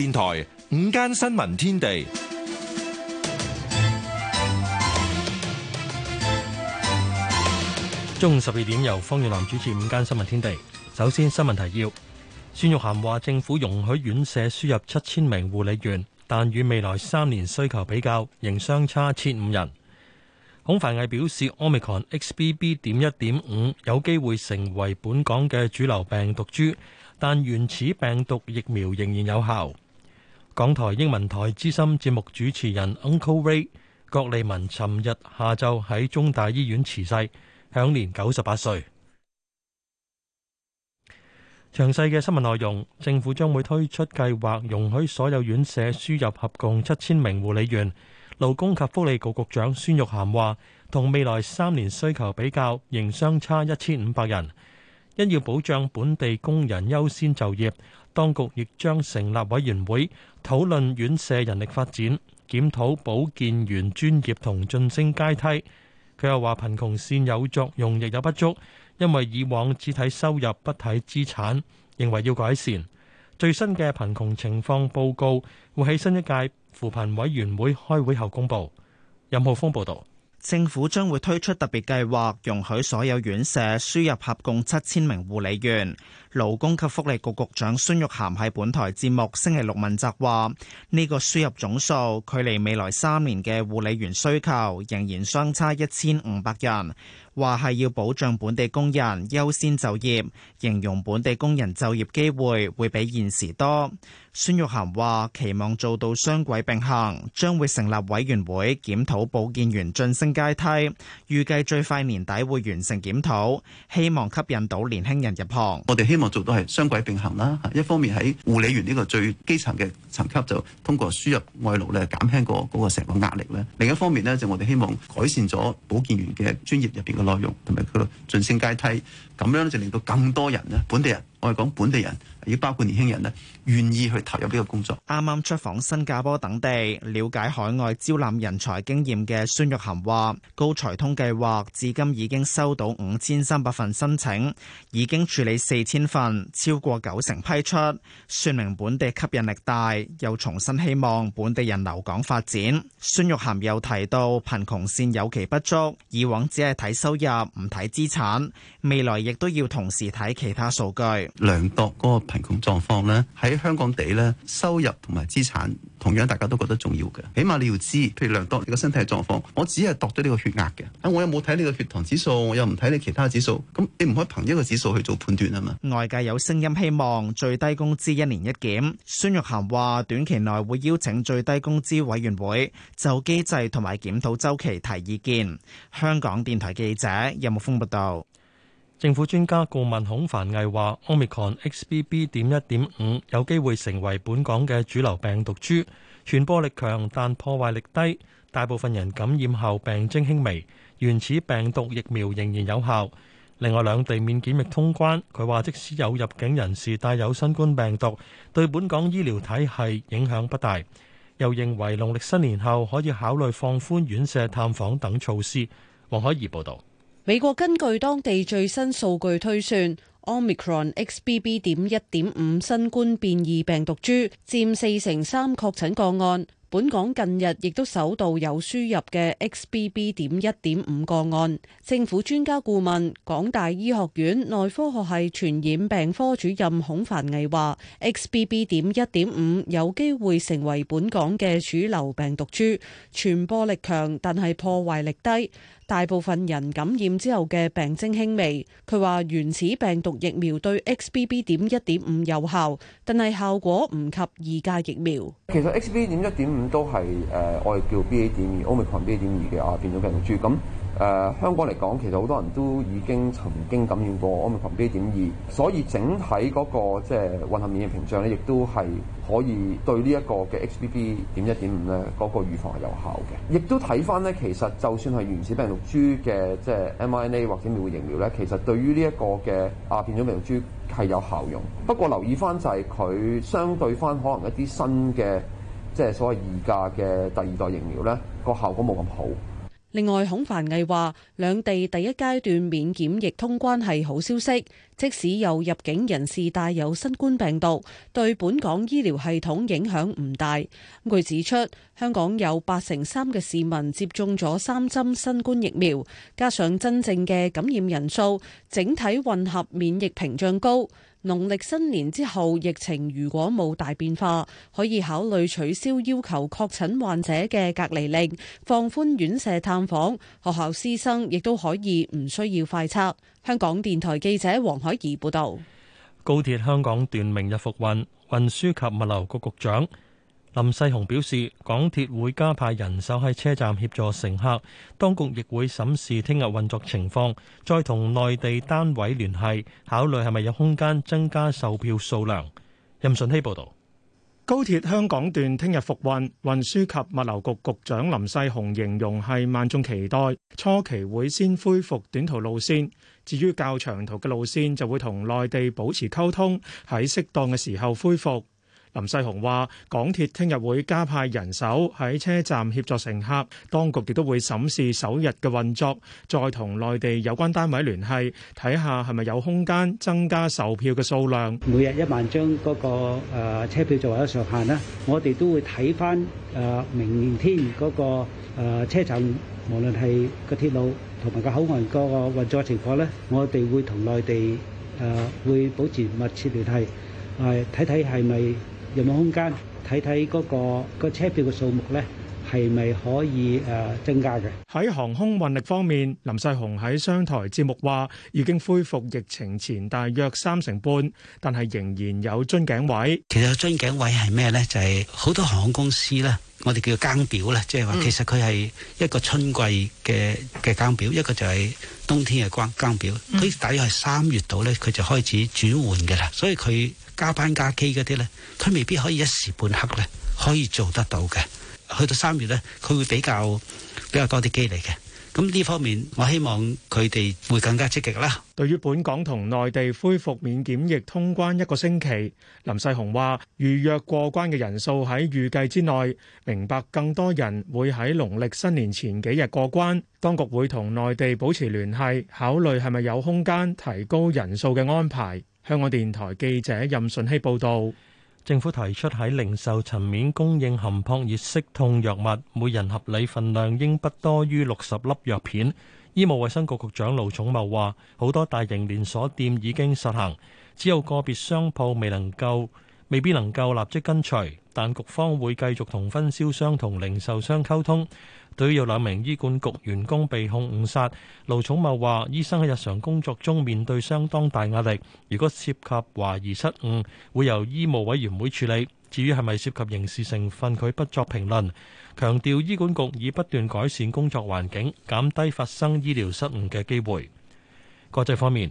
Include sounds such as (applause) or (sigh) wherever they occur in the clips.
電台午間新聞天地，中午十二點由方月蘭主持午間新聞天地。首先新聞提要：孫玉涵話政府容許院舍輸入七千名護理員，但與未來三年需求比較，仍相差千五人。孔繁毅表示，Omicron XBB. 點一點五有機會成為本港嘅主流病毒株，但原始病毒疫苗仍然有效。港台英文台資深節目主持人 Uncle Ray 郭利文，尋日下晝喺中大醫院辭世，享年九十八歲。詳細嘅新聞內容，政府將會推出計劃，容許所有院舍輸入合共七千名護理員。勞工及福利局局長孫玉菡話，同未來三年需求比較，仍相差一千五百人，因要保障本地工人優先就業。當局亦將成立委員會討論院舍人力發展、檢討保健員專業同晉升階梯。佢又話貧窮線有作用亦有不足，因為以往只睇收入不睇資產，認為要改善。最新嘅貧窮情況報告會喺新一屆扶貧委員會開會後公佈。任浩峰報導。政府將會推出特別計劃，容許所有院舍輸入合共七千名護理員。勞工及福利局局，局長孫玉菡喺本台節目星期六問責話：呢、這個輸入總數距離未來三年嘅護理員需求仍然相差一千五百人。話係要保障本地工人優先就業，形容本地工人就業機會會比現時多。孫玉菡話期望做到雙軌並行，將會成立委員會檢討保健員晉升階梯，預計最快年底會完成檢討，希望吸引到年輕人入行。我哋希望做到係雙軌並行啦，一方面喺護理員呢個最基層嘅層級就通過輸入外勞咧減輕個個成個壓力咧，另一方面呢就我哋希望改善咗保健員嘅專業入邊。內容同埋佢個晉升階梯，咁樣就令到更多人咧，本地人。外港本地人，要包括年輕人咧，願意去投入呢個工作。啱啱出訪新加坡等地，了解海外招攬人才經驗嘅孫玉菡話：高才通計劃至今已經收到五千三百份申請，已經處理四千份，超過九成批出，說明本地吸引力大，又重新希望本地人留港發展。孫玉菡又提到，貧窮線有其不足，以往只係睇收入唔睇資產，未來亦都要同時睇其他數據。量度嗰個貧窮狀況咧，喺香港地咧，收入同埋資產同樣大家都覺得重要嘅。起碼你要知，譬如量度你個身體狀況，我只係度咗呢個血壓嘅。啊，我有冇睇你個血糖指數？我又唔睇你其他指數？咁你唔可以憑一個指數去做判斷啊嘛。外界有聲音希望最低工資一年一檢，孫玉涵話短期內會邀請最低工資委員會就機制同埋檢討週期提意見。香港電台記者任木峰報道。有政府專家顧問孔凡毅話，Omicron XBB. 點一點五有機會成為本港嘅主流病毒株，傳播力強但破壞力低，大部分人感染後病徵輕微，原始病毒疫苗仍然有效。另外兩地免檢疫通關，佢話即使有入境人士帶有新冠病毒，對本港醫療體系影響不大。又認為農曆新年後可以考慮放寬院舍探訪等措施。黃海怡報導。美國根據當地最新數據推算。Omicron XBB. 點一點五新冠變異病毒株佔四成三確診個案，本港近日亦都首度有輸入嘅 XBB. 點一點五個案。政府專家顧問港大醫學院內科學系傳染病科主任孔凡毅話，XBB. 點一點五有機會成為本港嘅主流病毒株，傳播力強，但係破壞力低，大部分人感染之後嘅病徵輕微。佢話原始病毒。疫苗對 XBB. 點一點五有效，但係效果唔及二價疫苗。其實 XBB. 點一點五都係誒，我哋叫 BA. 點二，奧密克戎 BA. 點二嘅啊變種病毒株咁。誒、呃、香港嚟講，其實好多人都已經曾經感染過奧密克戎 B. 點二，所以整體嗰、那個即係、就是、混合免疫屏障咧，亦都係可以對呢一個嘅 XBB. 點一點五咧嗰個預防係有效嘅。亦都睇翻咧，其實就算係原始病毒株嘅即係、就是、mRNA 或者蜜蜜疫苗疫苗咧，其實對於呢一個嘅亞變種病毒株係有效用。不過留意翻就係佢相對翻可能一啲新嘅即係所謂二價嘅第二代疫苗咧，個效果冇咁好。另外，孔凡毅話，兩地第一階段免檢疫通關係好消息，即使有入境人士帶有新冠病毒，對本港醫療系統影響唔大。佢指出，香港有八成三嘅市民接種咗三針新冠疫苗，加上真正嘅感染人數，整體混合免疫屏障高。農曆新年之後，疫情如果冇大變化，可以考慮取消要求確診患者嘅隔離令，放寬院舍探訪，學校師生亦都可以唔需要快測。香港電台記者黃海怡報道。高鐵香港段明日復運，運輸及物流局局長。林世雄表示，港鐵會加派人手喺車站協助乘客，當局亦會審視聽日運作情況，再同內地單位聯繫，考慮係咪有空間增加售票數量。任順希報道，高鐵香港段聽日復運，運輸及物流局局,局長林世雄形容係萬眾期待，初期會先恢復短途路,路線，至於較長途嘅路線，就會同內地保持溝通，喺適當嘅時候恢復。林世雄話：港鐵聽日會加派人手喺車站協助乘客，當局亦都會審視首日嘅運作，再同內地有關單位聯繫，睇下係咪有空間增加售票嘅數量。每日一萬張嗰個誒車票作為嘅上限咧，我哋都會睇翻誒明天嗰個誒車站，無論係個鐵路同埋個口岸嗰個運作情況咧，我哋會同內地誒會保持密切聯繫，係睇睇係咪。有冇空間睇睇嗰個、嗰個車票嘅數目呢？係咪可以誒增加嘅？喺航空運力方面，林世雄喺商台節目話，已經恢復疫情前大約三成半，但係仍然有樽頸位。其實樽頸位係咩呢？就係、係、好多航空公司呢，我哋叫更表咧，即係話其實佢係一個春季嘅嘅更表，一個就係冬天嘅關更表。佢大概係三月度呢，佢就開始轉換㗎啦，所以佢。加班加機嗰啲咧，佢未必可以一時半刻咧可以做得到嘅。去到三月咧，佢會比較比較多啲機嚟嘅。咁呢方面，我希望佢哋會更加積極啦。對於本港同內地恢復免檢疫通關一個星期，林世雄話預約過關嘅人數喺預計之內，明白更多人會喺農曆新年前幾日過關。當局會同內地保持聯繫，考慮係咪有空間提高人數嘅安排。香港電台記者任順希報道，政府提出喺零售層面供應含撲熱息痛藥物，每人合理份量應不多於六十粒藥片。醫務衛生局局長盧寵茂話，好多大型連鎖店已經實行，只有個別商鋪未能夠，未必能夠立即跟隨，但局方會繼續同分銷商同零售商溝通。對於有兩名醫管局員工被控誤殺，盧寵茂話：醫生喺日常工作中面對相當大壓力，如果涉及懷疑失誤，會由醫務委員會處理。至於係咪涉及刑事成分，佢不作評論。強調醫管局已不斷改善工作環境，減低發生醫療失誤嘅機會。國際方面。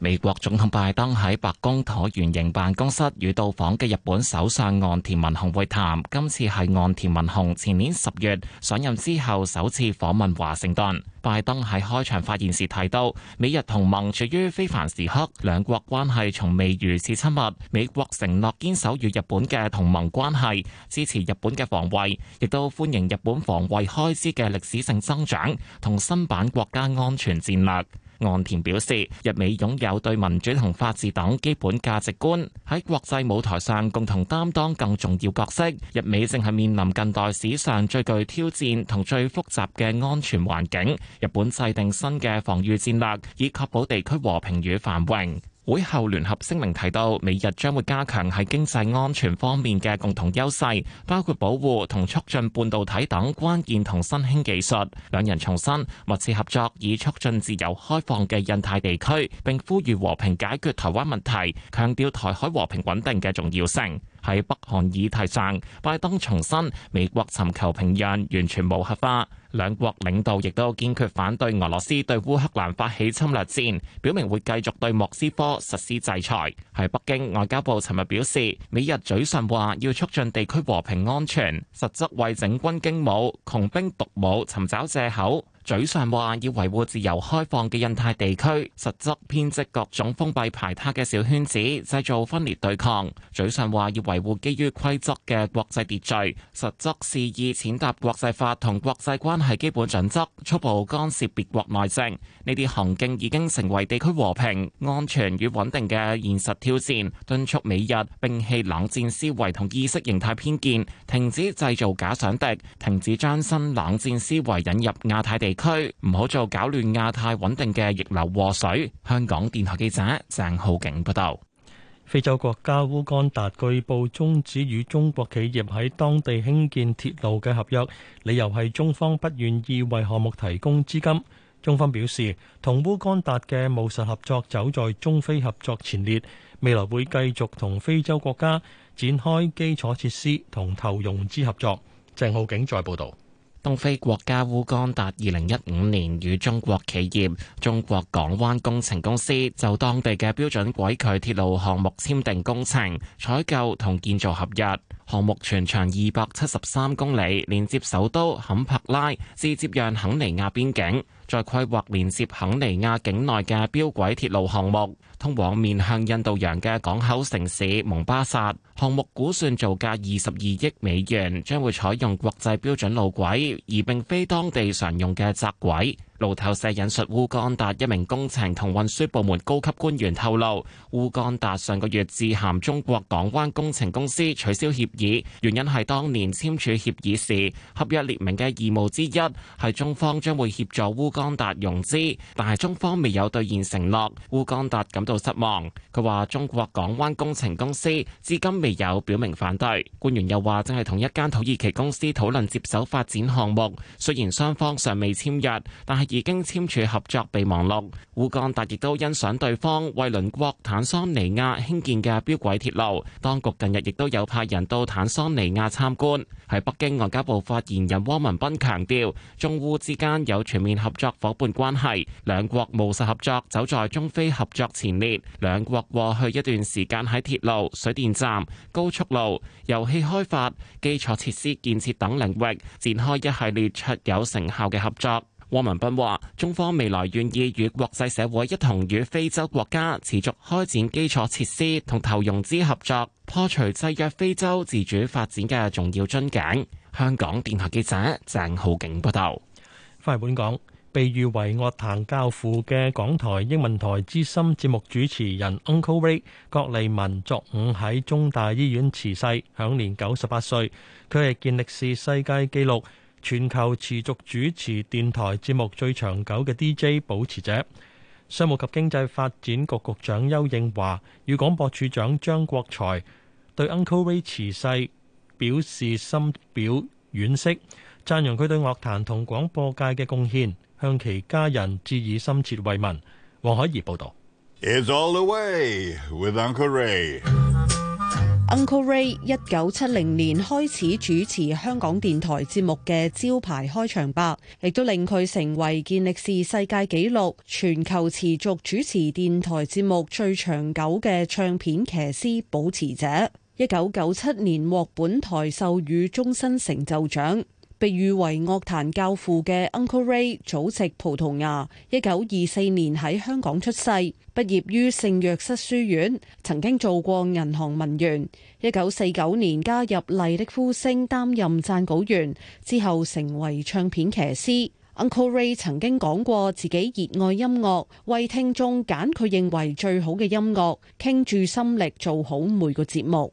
美國總統拜登喺白宮橢圓形辦公室與到訪嘅日本首相岸田文雄會談，今次係岸田文雄前年十月上任之後首次訪問華盛頓。拜登喺開場發言時提到，美日同盟處於非凡時刻，兩國關係從未如此親密。美國承諾堅守與日本嘅同盟關係，支持日本嘅防衛，亦都歡迎日本防衛開支嘅歷史性增長同新版國家安全戰略。岸田表示，日美擁有對民主同法治等基本價值觀，喺國際舞台上共同擔當更重要角色。日美正係面臨近代史上最具挑戰同最複雜嘅安全環境。日本制定新嘅防禦戰略，以確保地區和平與繁榮。會後聯合聲明提到，美日將會加強喺經濟安全方面嘅共同優勢，包括保護同促進半導體等關鍵同新興技術。兩人重申密切合作以促進自由開放嘅印太地區，並呼籲和平解決台灣問題，強調台海和平穩定嘅重要性。喺北韓議題上，拜登重申美國尋求平壤完全無核化。兩國領導亦都堅決反對俄羅斯對烏克蘭發起侵略戰，表明會繼續對莫斯科實施制裁。喺北京外交部尋日表示，美日嘴上話要促進地區和平安全，實則為整軍經武、窮兵獨武尋找借口。嘴上話要維護自由開放嘅印太地區，實則編織各種封閉排他嘅小圈子，製造分裂對抗；嘴上話要維護基於規則嘅國際秩序，實則肆意踐踏國際法同國際關係基本準則，粗暴干涉別國內政。呢啲行徑已經成為地區和平、安全與穩定嘅現實挑戰，敦促美日摒棄冷戰思維同意識形態偏見，停止製造假想敵，停止將新冷戰思維引入亞太地區。區唔好做搞亂亞太穩定嘅逆流禍水。香港電台記者鄭浩景報道：非洲國家烏干達據報終止與中國企業喺當地興建鐵路嘅合約，理由係中方不願意為項目提供資金。中方表示，同烏干達嘅務實合作走在中非合作前列，未來會繼續同非洲國家展開基礎設施同投融資合作。鄭浩景再報道。東非國家烏干達二零一五年與中國企業中國港灣工程公司就當地嘅標準軌距鐵路項目簽訂工程、採購同建造合約。項目全長二百七十三公里，連接首都坎帕拉，至接壤肯尼亞邊境，再規劃連接肯尼亞境內嘅標軌鐵路項目。通往面向印度洋嘅港口城市蒙巴薩，項目估算造價二十二億美元，將會採用國際標準路軌，而並非當地常用嘅窄軌。路透社引述烏干達一名工程同運輸部門高級官員透露，烏干達上個月致函中國港灣工程公司取消協議，原因係當年簽署協議時，合約列明嘅義務之一係中方將會協助烏干達融資，但係中方未有兌現承諾，烏干達感到失望。佢話中國港灣工程公司至今未有表明反對。官員又話正係同一間土耳其公司討論接手發展項目，雖然雙方尚未簽約，但係。已經簽署合作備忘錄，烏干達亦都欣賞對方為鄰國坦桑尼亞興建嘅標軌鐵路。當局近日亦都有派人到坦桑尼亞參觀。喺北京外交部發言人汪文斌強調，中烏之間有全面合作伙伴關係，兩國務實合作走在中非合作前列。兩國過去一段時間喺鐵路、水電站、高速路、油氣開發、基礎設施建設等領域展開一系列卓有成效嘅合作。汪文斌話：中方未來願意與國際社會一同與非洲國家持續開展基礎設施同投融資合作，破除制約非洲自主發展嘅重要樽頸。香港電台記者鄭浩景報道。翻嚟本港，被譽為樂壇教父嘅港台英文台資深節目主持人 Uncle Ray 郭利民，昨午喺中大醫院辭世，享年九十八歲。佢係健力士世界紀錄全球持續主持電台節目最長久嘅 DJ 保持者，商務及經濟發展局局長邱應華與廣播處長張國才對 Uncle Ray 辭世表示深表惋惜，讚揚佢對樂壇同廣播界嘅貢獻，向其家人致以深切慰問。黃海怡報導。Uncle Ray 一九七零年開始主持香港電台節目嘅招牌開場白，亦都令佢成為健力士世界紀錄，全球持續主持電台節目最長久嘅唱片騎師保持者。一九九七年獲本台授予終身成就獎。被譽為樂壇教父嘅 Uncle Ray 祖籍葡萄牙，一九二四年喺香港出世，畢業於聖約瑟書院，曾經做過銀行文員，一九四九年加入麗的呼聲擔任撰稿員，之後成為唱片騎師。Uncle Ray 曾經講過自己熱愛音樂，為聽眾揀佢認為最好嘅音樂，傾注心力做好每個節目。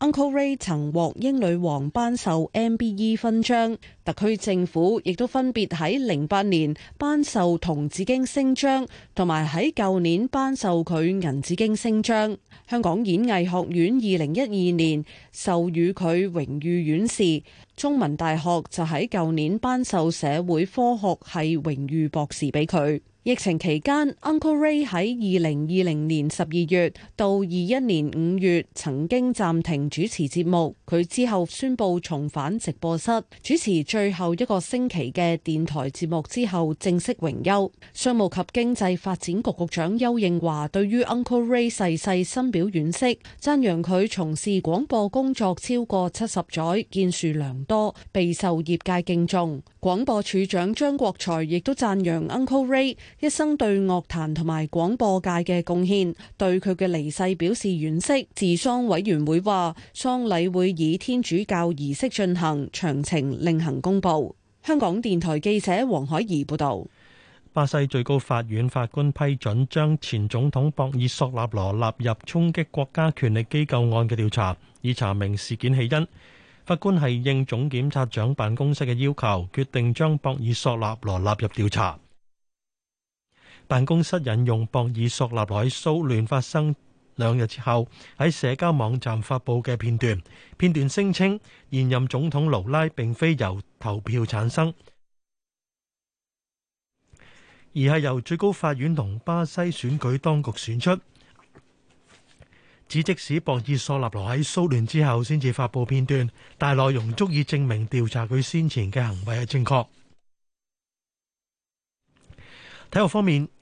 Uncle Ray 曾獲英女王頒授 MBE 勳章，特區政府亦都分別喺零八年頒授銅紫荊星章，同埋喺舊年頒授佢銀紫荊星章。香港演藝學院二零一二年授予佢榮譽院士，中文大學就喺舊年頒授社會科學系榮譽博士俾佢。疫情期間，Uncle Ray 喺二零二零年十二月到二一年五月曾經暫停主持節目，佢之後宣布重返直播室主持最後一個星期嘅電台節目之後正式榮休。商務及經濟發展局局長邱應華對於 Uncle Ray 逝世深表惋惜，讚揚佢從事廣播工作超過七十載，建樹良多，備受業界敬重。廣播處長張國才亦都讚揚 Uncle Ray。一生對樂壇同埋廣播界嘅貢獻，對佢嘅離世表示惋惜。治喪委員會話，喪禮會以天主教儀式進行，詳情另行公佈。香港電台記者黃海怡報導。巴西最高法院法官批准將前總統博爾索納羅納入衝擊國家權力機構案嘅調查，以查明事件起因。法官係應總檢察長辦公室嘅要求，決定將博爾索納羅納入調查。辦公室引用博爾索納羅喺騷亂發生兩日之後喺社交網站發布嘅片段，片段聲稱現任總統盧拉並非由投票產生，而係由最高法院同巴西選舉當局選出。指即使博爾索納羅喺騷亂之後先至發布片段，但係內容足以證明調查佢先前嘅行為係正確。體育方面。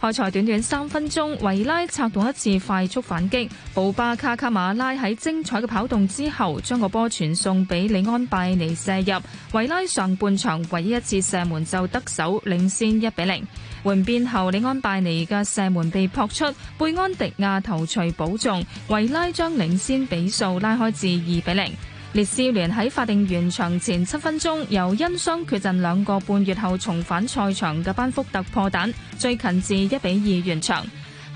開賽短短三分鐘，維拉策動一次快速反擊，布巴卡卡馬拉喺精彩嘅跑動之後，將個波傳送俾李安拜尼射入。維拉上半場唯一一次射門就得手，領先一比零。換邊後，李安拜尼嘅射門被撲出，貝安迪亞頭槌補中，維拉將領先比數拉開至二比零。列斯聯喺法定完場前七分鐘，由因傷缺陣兩個半月後重返賽場嘅班福特破蛋，最近至一比二完場。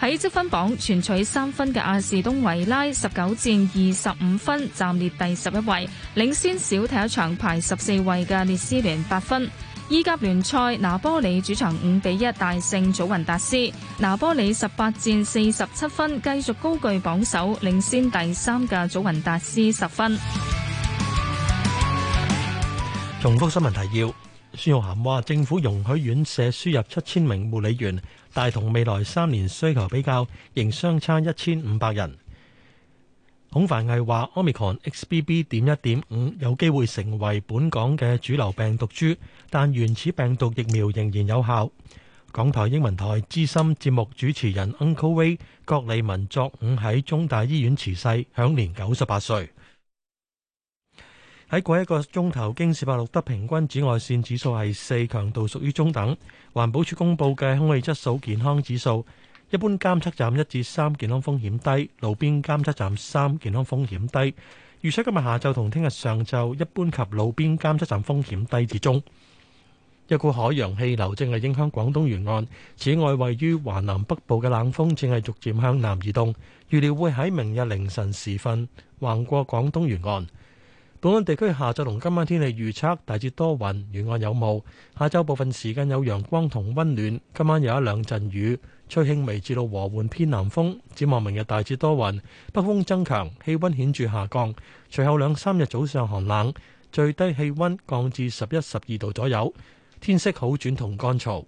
喺積分榜全取三分嘅阿士東維拉十九戰二十五分，暫列第十一位，領先少踢一場排十四位嘅列斯聯八分。意甲聯賽拿波里主場五比一大勝祖雲達斯，拿波里十八戰四十七分，繼續高踞榜首，領先第三嘅祖雲達斯十分。重複新聞提要。孫玉涵話：政府容許院舍輸入七千名護理員，但同未來三年需求比較，仍相差一千五百人。孔繁毅話：Omicron XBB. 點一點五有機會成為本港嘅主流病毒株，但原始病毒疫苗仍然有效。港台英文台資深節目主持人 Uncle Ray 郭利文，昨午喺中大醫院辭世，享年九十八歲。喺過一個鐘頭，京士柏錄得平均紫外線指數係四，強度屬於中等。環保署公佈嘅空氣質素健康指數，一般監測站一至三健康風險低，路邊監測站三健康風險低。預測今日下晝同聽日上晝，一般及路邊監測站風險低至中。一股海洋氣流正係影響廣東沿岸，此外位於華南北部嘅冷鋒正係逐漸向南移動，預料會喺明日凌晨時分橫過廣東沿岸。本港地區下晝同今晚天氣預測，大致多雲，沿岸有霧，下晝部分時間有陽光同溫暖，今晚有一兩陣雨。吹輕微至到和緩偏南風，展望明日大致多雲，北風增強，氣溫顯著下降。隨後兩三日早上寒冷，最低氣溫降至十一十二度左右，天色好轉同乾燥。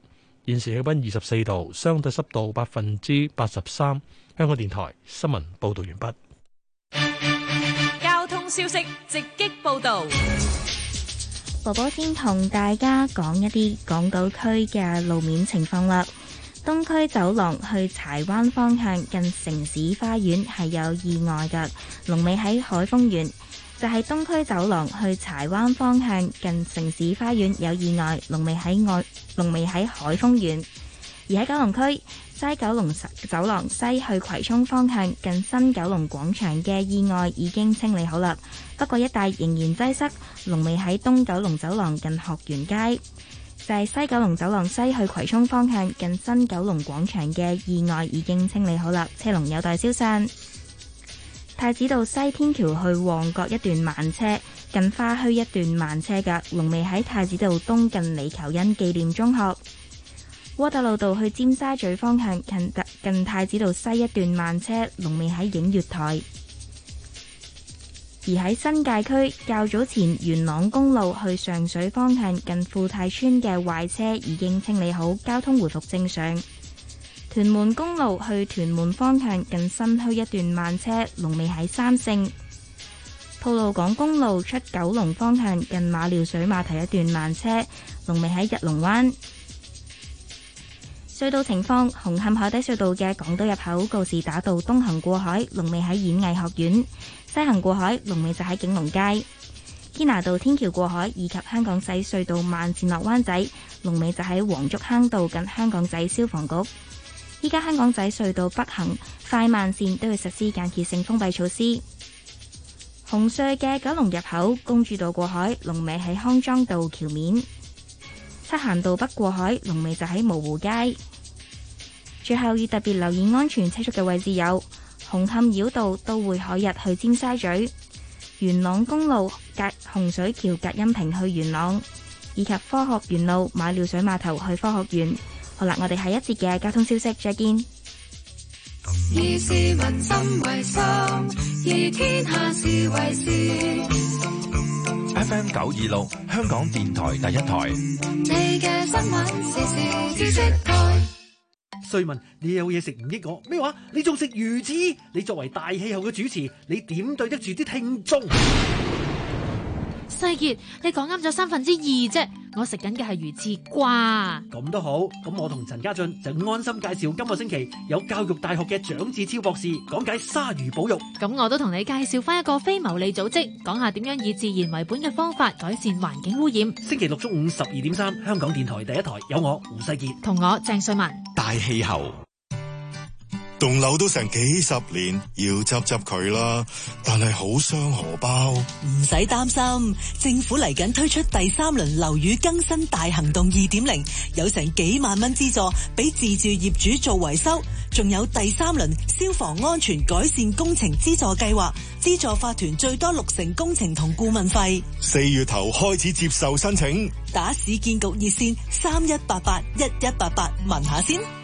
現時氣溫二十四度，相對濕度百分之八十三。香港電台新聞報道完畢。消息直擊報道，婆婆先同大家講一啲港島區嘅路面情況啦。東區走廊去柴灣方向近城市花園係有意外嘅，龍尾喺海峰園就係、是、東區走廊去柴灣方向近城市花園有意外，龍尾喺外龍尾喺海峰園，而喺九龍區。西九龍走廊西去葵涌方向近新九龍廣場嘅意外已經清理好啦，不過一帶仍然擠塞，龍尾喺東九龍走廊近學園街。就係、是、西九龍走廊西去葵涌方向近新九龍廣場嘅意外已經清理好啦，車龍有待消散。太子道西天橋去旺角一段慢車，近花墟一段慢車噶龍尾喺太子道東近李求恩紀念中學。窩打老道去尖沙咀方向近近太子道西一段慢車，龍尾喺影月台；而喺新界區較早前元朗公路去上水方向近富泰村嘅壞車已經清理好，交通回復正常。屯門公路去屯門方向近新墟一段慢車，龍尾喺三聖。吐露港公路出九龍方向近馬料水碼頭一段慢車，龍尾喺日龍灣。隧道情況：紅磡海底隧道嘅港島入口，告士打道東行過海龍尾喺演藝學院，西行過海龍尾就喺景隆街。堅拿道天橋過海以及香港仔隧道慢綫落灣仔龍尾就喺黃竹坑道近香港仔消防局。依家香港仔隧道北行快慢綫都要實施間歇性封閉措施。紅隧嘅九龍入口公主道過海龍尾喺康莊道橋面。得行道北過海，龍尾就喺蕪湖街。最後要特別留意安全車速嘅位置有紅磡繞道到會海日去尖沙咀、元朗公路隔洪水橋隔音屏去元朗，以及科學園路馬料水碼頭去科學園。好啦，我哋下一節嘅交通消息，再見。FM 九二六，26，香港電台第一台。你嘅新聞時時知識台。衰文你有嘢食唔益我？咩話？你仲食魚翅？你作為大氣候嘅主持，你點對得住啲聽眾？細杰，你講啱咗三分之二啫，我食緊嘅係魚翅瓜。咁都好，咁我同陳家俊就安心介紹今個星期有教育大學嘅蔣志超博士講解鯊魚保育。咁我都同你介紹翻一個非牟利組織，講下點樣以自然為本嘅方法改善環境污染。星期六中午十二點三，香港電台第一台有我胡世杰，同我鄭瑞文，大氣候。棟樓都成幾十年，要執執佢啦，但係好傷荷包。唔使擔心，政府嚟緊推出第三輪樓宇更新大行動二點零，有成幾萬蚊資助俾自住業主做維修，仲有第三輪消防安全改善工程資助計劃，資助法團最多六成工程同顧問費。四月頭開始接受申請，打市建局熱線三一八八一一八八問下先。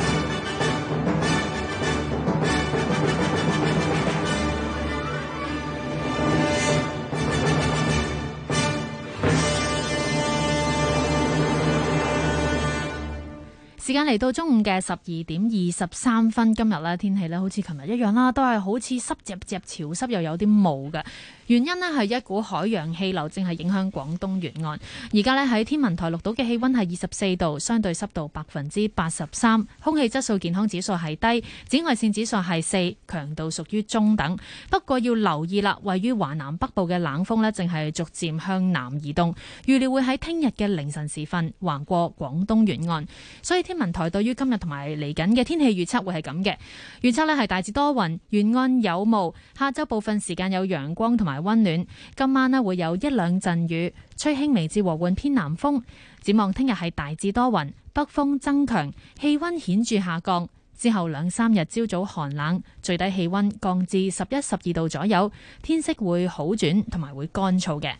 時間嚟到中午嘅十二點二十三分，今日咧天氣咧好似琴日一樣啦，都係好似濕濕濕潮濕，又有啲霧嘅。原因呢，係一股海洋氣流正係影響廣東沿岸，而家呢，喺天文台錄到嘅氣溫係二十四度，相對濕度百分之八十三，空氣質素健康指數係低，紫外線指數係四，強度屬於中等。不過要留意啦，位於華南北部嘅冷風呢，正係逐漸向南移動，預料會喺聽日嘅凌晨時分橫過廣東沿岸。所以天文台對於今日同埋嚟緊嘅天氣預測會係咁嘅，預測呢，係大致多雲，沿岸有霧，下周部分時間有陽光同埋。溫暖，今晚呢會有一兩陣雨，吹輕微至和緩偏南風。展望聽日係大致多雲，北風增強，氣溫顯著下降。之後兩三日朝早寒冷，最低氣溫降至十一、十二度左右，天色會好轉，同埋會乾燥嘅。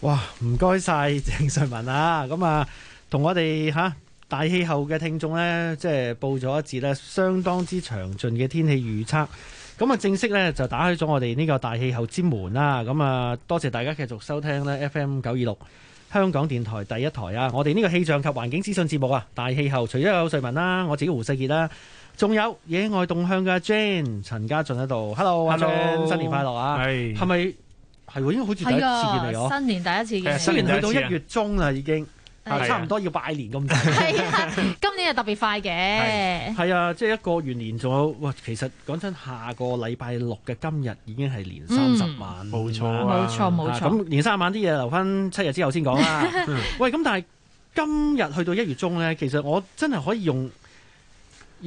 哇，唔該晒鄭瑞文啊！咁啊，同我哋吓大氣候嘅聽眾呢，即係報咗一節呢，相當之詳盡嘅天氣預測。咁啊，正式咧就打開咗我哋呢個大氣候之門啦！咁啊，多謝大家繼續收聽咧 FM 九二六香港電台第一台啊！我哋呢個氣象及環境資訊節目啊，大氣候，除咗有瑞文啦，我自己胡世杰啦，仲有野外動向嘅 Jane 陳家俊喺度，Hello，阿 Hello. 新年快樂啊！係係咪係？因為好似第一次見你哦，新年第一次見，新年，一次見新年去到一月中啦，已經。差唔多要拜年咁。係啊，今年又特別快嘅。係啊，即係一過完年仲有，喂！其實講真，下個禮拜六嘅今日已經係年三十晚，冇錯啊、嗯、冇錯、冇錯，啊、冇錯。咁年三十晚啲嘢留翻七日之後先講啦。 (laughs) 喂，咁但係今日去到一月中咧，其實我真係可以用。